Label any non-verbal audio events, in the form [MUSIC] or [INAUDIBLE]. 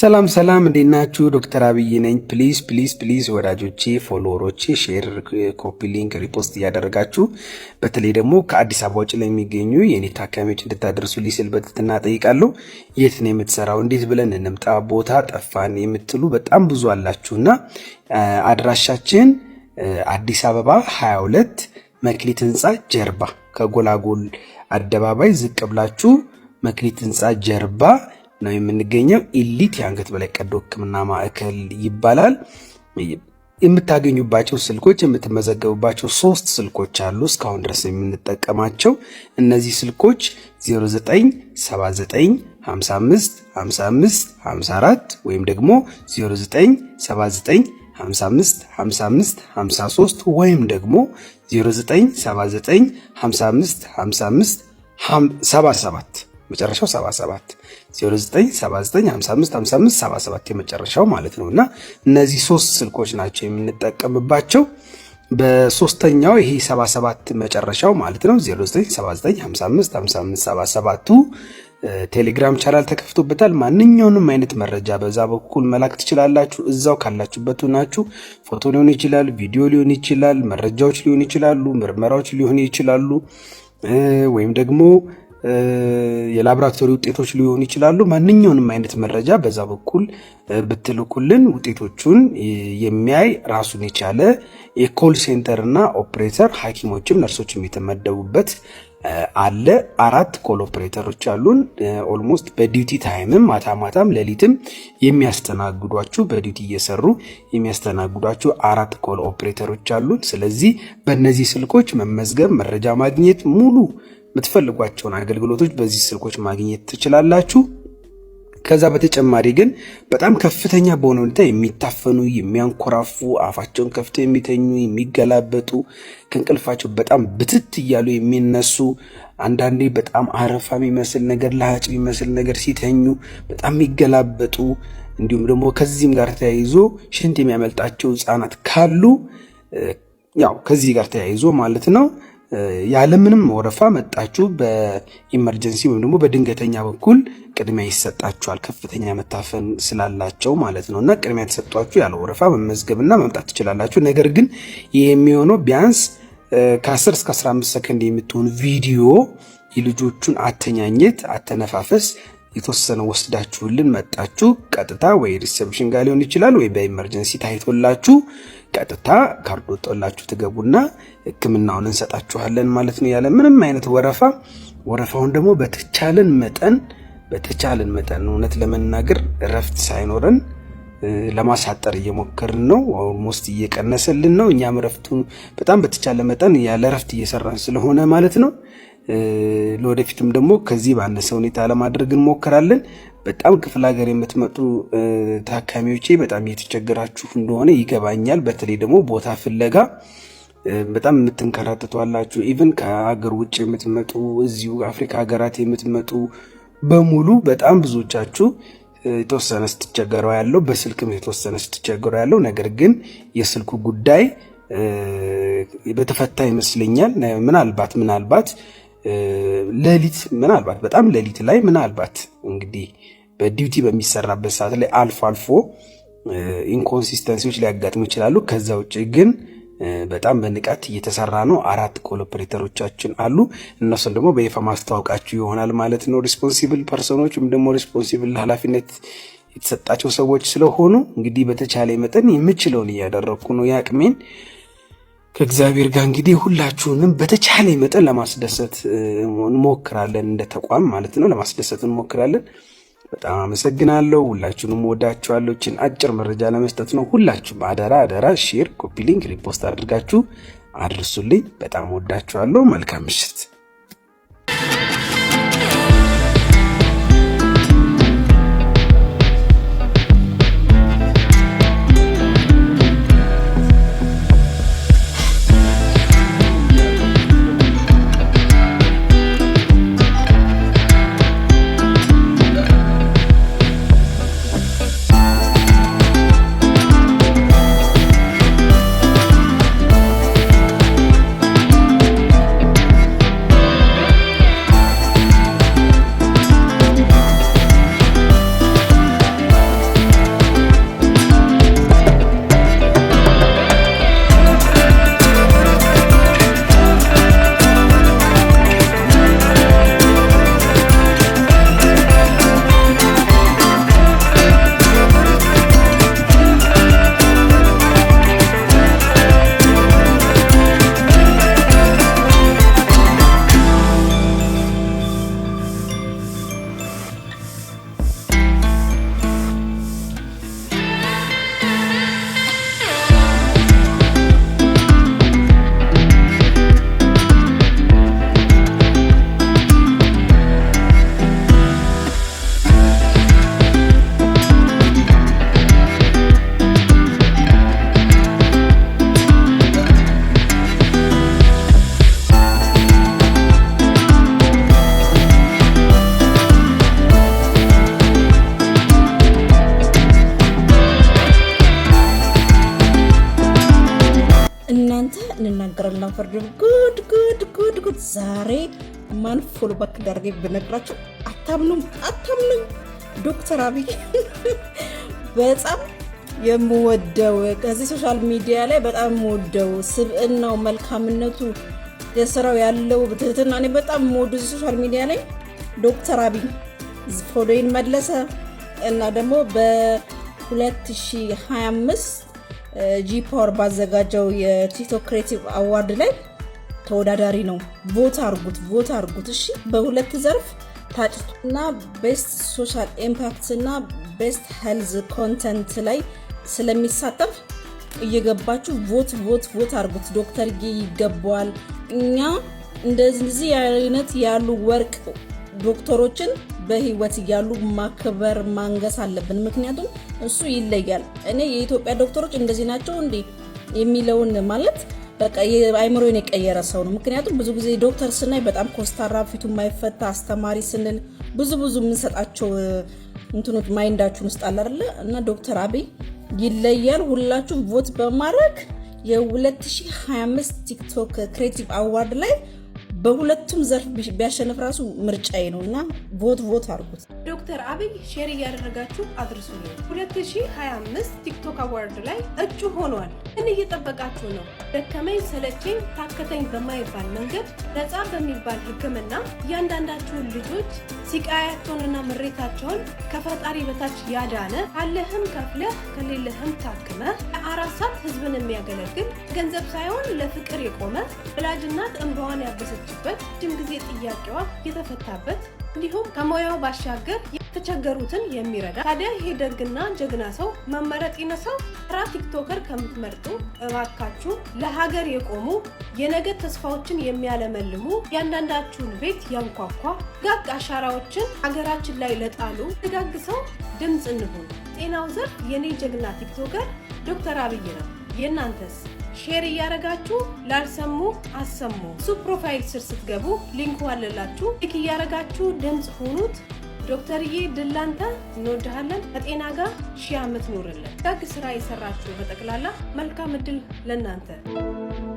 ሰላም ሰላም፣ እንዴት ናችሁ? ዶክተር አብይ ነኝ። ፕሊዝ ፕሊዝ ፕሊዝ ወዳጆቼ፣ ፎሎወሮቼ፣ ሼር፣ ኮፒ ሊንክ፣ ሪፖስት እያደረጋችሁ በተለይ ደግሞ ከአዲስ አበባ ውጭ ላይ የሚገኙ የኔ ታካሚዎች እንድታደርሱ ሊስል በትህትና ጠይቃሉ። የት ነው የምትሰራው? እንዴት ብለን እንምጣ? ቦታ ጠፋን የምትሉ በጣም ብዙ አላችሁና አድራሻችን አዲስ አበባ 22 መክሊት ህንፃ ጀርባ ከጎላጎል አደባባይ ዝቅ ብላችሁ መክሊት ህንፃ ጀርባ ነው የምንገኘው። ኢሊት የአንገት በላይ ቀዶ ሕክምና ማዕከል ይባላል። የምታገኙባቸው ስልኮች የምትመዘገቡባቸው ሶስት ስልኮች አሉ እስካሁን ድረስ የምንጠቀማቸው እነዚህ ስልኮች 0979555554 ወይም ደግሞ 0979555553 ወይም ደግሞ 0979555577 መጨረሻው 77 09 79 55 55 77 የመጨረሻው ማለት ነው። እና እነዚህ ሶስት ስልኮች ናቸው የምንጠቀምባቸው። በሶስተኛው ይሄ 77 መጨረሻው ማለት ነው 09 79 55 55 77 ቴሌግራም ቻናል ተከፍቶበታል። ማንኛውንም አይነት መረጃ በዛ በኩል መላክ ትችላላችሁ። እዛው ካላችሁበት ሆናችሁ ፎቶ ሊሆን ይችላል፣ ቪዲዮ ሊሆን ይችላል፣ መረጃዎች ሊሆን ይችላሉ፣ ምርመራዎች ሊሆን ይችላሉ ወይም ደግሞ የላብራቶሪ ውጤቶች ሊሆኑ ይችላሉ። ማንኛውንም አይነት መረጃ በዛ በኩል ብትልኩልን ውጤቶቹን የሚያይ ራሱን የቻለ የኮል ሴንተር እና ኦፕሬተር ሐኪሞችም ነርሶችም የተመደቡበት አለ። አራት ኮል ኦፕሬተሮች አሉን። ኦልሞስት በዲዩቲ ታይምም ማታ ማታም ሌሊትም የሚያስተናግዷችሁ በዲዩቲ እየሰሩ የሚያስተናግዷችሁ አራት ኮል ኦፕሬተሮች አሉን። ስለዚህ በእነዚህ ስልኮች መመዝገብ፣ መረጃ ማግኘት ሙሉ የምትፈልጓቸውን አገልግሎቶች በዚህ ስልኮች ማግኘት ትችላላችሁ። ከዛ በተጨማሪ ግን በጣም ከፍተኛ በሆነ ሁኔታ የሚታፈኑ የሚያንኮራፉ አፋቸውን ከፍተው የሚተኙ የሚገላበጡ ከእንቅልፋቸው በጣም ብትት እያሉ የሚነሱ አንዳንዴ በጣም አረፋ የሚመስል ነገር ለሀጭ የሚመስል ነገር ሲተኙ በጣም የሚገላበጡ እንዲሁም ደግሞ ከዚህም ጋር ተያይዞ ሽንት የሚያመልጣቸው ህፃናት ካሉ ያው ከዚህ ጋር ተያይዞ ማለት ነው ያለምንም ወረፋ መጣችሁ በኢመርጀንሲ ወይም ደግሞ በድንገተኛ በኩል ቅድሚያ ይሰጣችኋል። ከፍተኛ መታፈን ስላላቸው ማለት ነው። እና ቅድሚያ ተሰጧችሁ ያለ ወረፋ መመዝገብና መምጣት ትችላላችሁ። ነገር ግን ይህ የሚሆነው ቢያንስ ከ10 እስከ 15 ሰከንድ የምትሆን ቪዲዮ የልጆቹን አተኛኘት፣ አተነፋፈስ የተወሰነ ወስዳችሁልን መጣችሁ ቀጥታ ወይ ሪሴፕሽን ጋር ሊሆን ይችላል ወይ በኢመርጀንሲ ታይቶላችሁ ቀጥታ ካርዶ ጥላችሁ ትገቡና ህክምናውን እንሰጣችኋለን ማለት ነው ያለ ምንም አይነት ወረፋ። ወረፋውን ደግሞ በተቻለን መጠን በተቻለን መጠን እውነት ለመናገር እረፍት ሳይኖረን ለማሳጠር እየሞከርን ነው። ኦልሞስት እየቀነሰልን ነው። እኛም እረፍቱን በጣም በተቻለ መጠን ያለ እረፍት እየሰራን ስለሆነ ማለት ነው። ለወደፊትም ደግሞ ከዚህ ባነሰ ሁኔታ ለማድረግ እንሞክራለን። በጣም ክፍለ ሀገር የምትመጡ ታካሚዎቼ በጣም እየተቸገራችሁ እንደሆነ ይገባኛል። በተለይ ደግሞ ቦታ ፍለጋ በጣም የምትንከራተቷላችሁ። ኢቨን ከሀገር ውጭ የምትመጡ እዚሁ አፍሪካ ሀገራት የምትመጡ በሙሉ በጣም ብዙዎቻችሁ የተወሰነ ስትቸገረው ያለው በስልክም የተወሰነ ስትቸገረው ያለው ነገር ግን የስልኩ ጉዳይ በተፈታ ይመስለኛል። ምናልባት ምናልባት ሌሊት ምናልባት በጣም ሌሊት ላይ ምናልባት እንግዲህ በዲቲ በሚሰራበት ሰዓት ላይ አልፎ አልፎ ኢንኮንሲስተንሲዎች ሊያጋጥሙ ይችላሉ። ከዛ ውጭ ግን በጣም በንቃት እየተሰራ ነው። አራት ኦፕሬተሮቻችን አሉ። እነሱን ደግሞ በይፋ ማስተዋወቃችሁ ይሆናል ማለት ነው። ሪስፖንሲብል ፐርሰኖች ወይም ደግሞ ሪስፖንሲብል ኃላፊነት የተሰጣቸው ሰዎች ስለሆኑ እንግዲህ በተቻለ መጠን የምችለውን እያደረግኩ ነው የአቅሜን ከእግዚአብሔር ጋር እንግዲህ ሁላችሁንም በተቻለ መጠን ለማስደሰት እንሞክራለን፣ እንደ ተቋም ማለት ነው። ለማስደሰት እንሞክራለን። በጣም አመሰግናለሁ። ሁላችሁንም ወዳችኋለሁ። ይህችን አጭር መረጃ ለመስጠት ነው። ሁላችሁም አደራ አደራ፣ ሼር፣ ኮፒ ሊንክ፣ ሪፖስት አድርጋችሁ አድርሱልኝ። በጣም ወዳችኋለሁ። መልካም ምሽት እናንተ እንናገራለን ፈርድም ጉድ ጉድ ጉድ ጉድ ዛሬ ማን ፎሎ ባክ ዳርጌ ብነግራችሁ አታምኑም፣ አታምኑም። ዶክተር አብይ [LAUGHS] በጣም የምወደው ከዚህ ሶሻል ሚዲያ ላይ በጣም የምወደው ስብዕናው፣ መልካምነቱ፣ የስራው ያለው ትህትና እኔ በጣም የምወደው ሶሻል ሚዲያ ላይ ዶክተር አብይ ፎሎይን መለሰ እና ደግሞ በ2025 ጂ ፓወር ባዘጋጀው የቲክቶክ ክሬቲቭ አዋርድ ላይ ተወዳዳሪ ነው። ቮት አርጉት፣ ቮት አርጉት እሺ። በሁለት ዘርፍ ታጭና ቤስት ሶሻል ኢምፓክት እና ቤስት ሄልዝ ኮንተንት ላይ ስለሚሳተፍ እየገባችሁ ቮት ቮት ቮት አርጉት። ዶክተር ጌ ይገባዋል። እኛ እንደዚህ አይነት ያሉ ወርቅ ዶክተሮችን በህይወት እያሉ ማክበር ማንገስ አለብን። ምክንያቱም እሱ ይለያል። እኔ የኢትዮጵያ ዶክተሮች እንደዚህ ናቸው እንዲ የሚለውን ማለት በቃ የቀየረ ሰው ነው። ምክንያቱም ብዙ ጊዜ ዶክተር ስናይ በጣም ኮስታራ፣ ፊቱ የማይፈታ አስተማሪ ስንል ብዙ ብዙ የምንሰጣቸው እንትኖች ማይንዳችሁን ውስጥ አለ አይደለ እና ዶክተር አብይ ይለያል። ሁላችሁም ቮት በማድረግ የ2025 ቲክቶክ ክሬቲቭ አዋርድ ላይ በሁለቱም ዘርፍ ቢያሸንፍ ራሱ ምርጫዬ ነው እና ቮት ቮት አድርጉት። ዶክተር አብይ ሼር እያደረጋችሁ አድርሱ። 2025 ቲክቶክ አዋርድ ላይ እጩ ሆኗል። ምን እየጠበቃችሁ ነው? ደከመኝ ሰለቸኝ ታከተኝ በማይባል መንገድ ነጻ በሚባል ሕክምና እያንዳንዳችሁን ልጆች ሲቃያቸውንና ምሬታቸውን ከፈጣሪ በታች ያዳነ ካለህም ከፍለህ ከሌለህም ታክመህ ለአራሳ ህዝብን የሚያገለግል ገንዘብ ሳይሆን ለፍቅር የቆመ ወላጅ እናት እንባዋን ያበሰችበት ድም ጊዜ ጥያቄዋ የተፈታበት እንዲሁም ከሙያው ባሻገር የተቸገሩትን የሚረዳ ታዲያ ይሄ ደግና ጀግና ሰው መመረጥ ይነሳው። ተራ ቲክቶከር ከምትመርጡ እባካችሁ ለሀገር የቆሙ የነገ ተስፋዎችን የሚያለመልሙ ያንዳንዳችሁን ቤት ያንኳኳ ጋቅ አሻራዎችን ሀገራችን ላይ ለጣሉ ደጋግ ሰው ድምፅ እንሁን። ጤናው ዘርፍ የኔ ጀግና ቲክቶከር ዶክተር አብይ ነው። የእናንተስ ሼር እያረጋችሁ ላልሰሙ አሰሙ። እሱ ፕሮፋይል ስር ስትገቡ ሊንኩ አለላችሁ። ልክ እያረጋችሁ ድምፅ ሆኑት ዶክተርዬ ድላንተ ላንተ፣ እንወድሃለን። ከጤና ጋር ሺህ ዓመት ኖርልን። ደግ ስራ የሰራችሁ በጠቅላላ መልካም እድል ለእናንተ።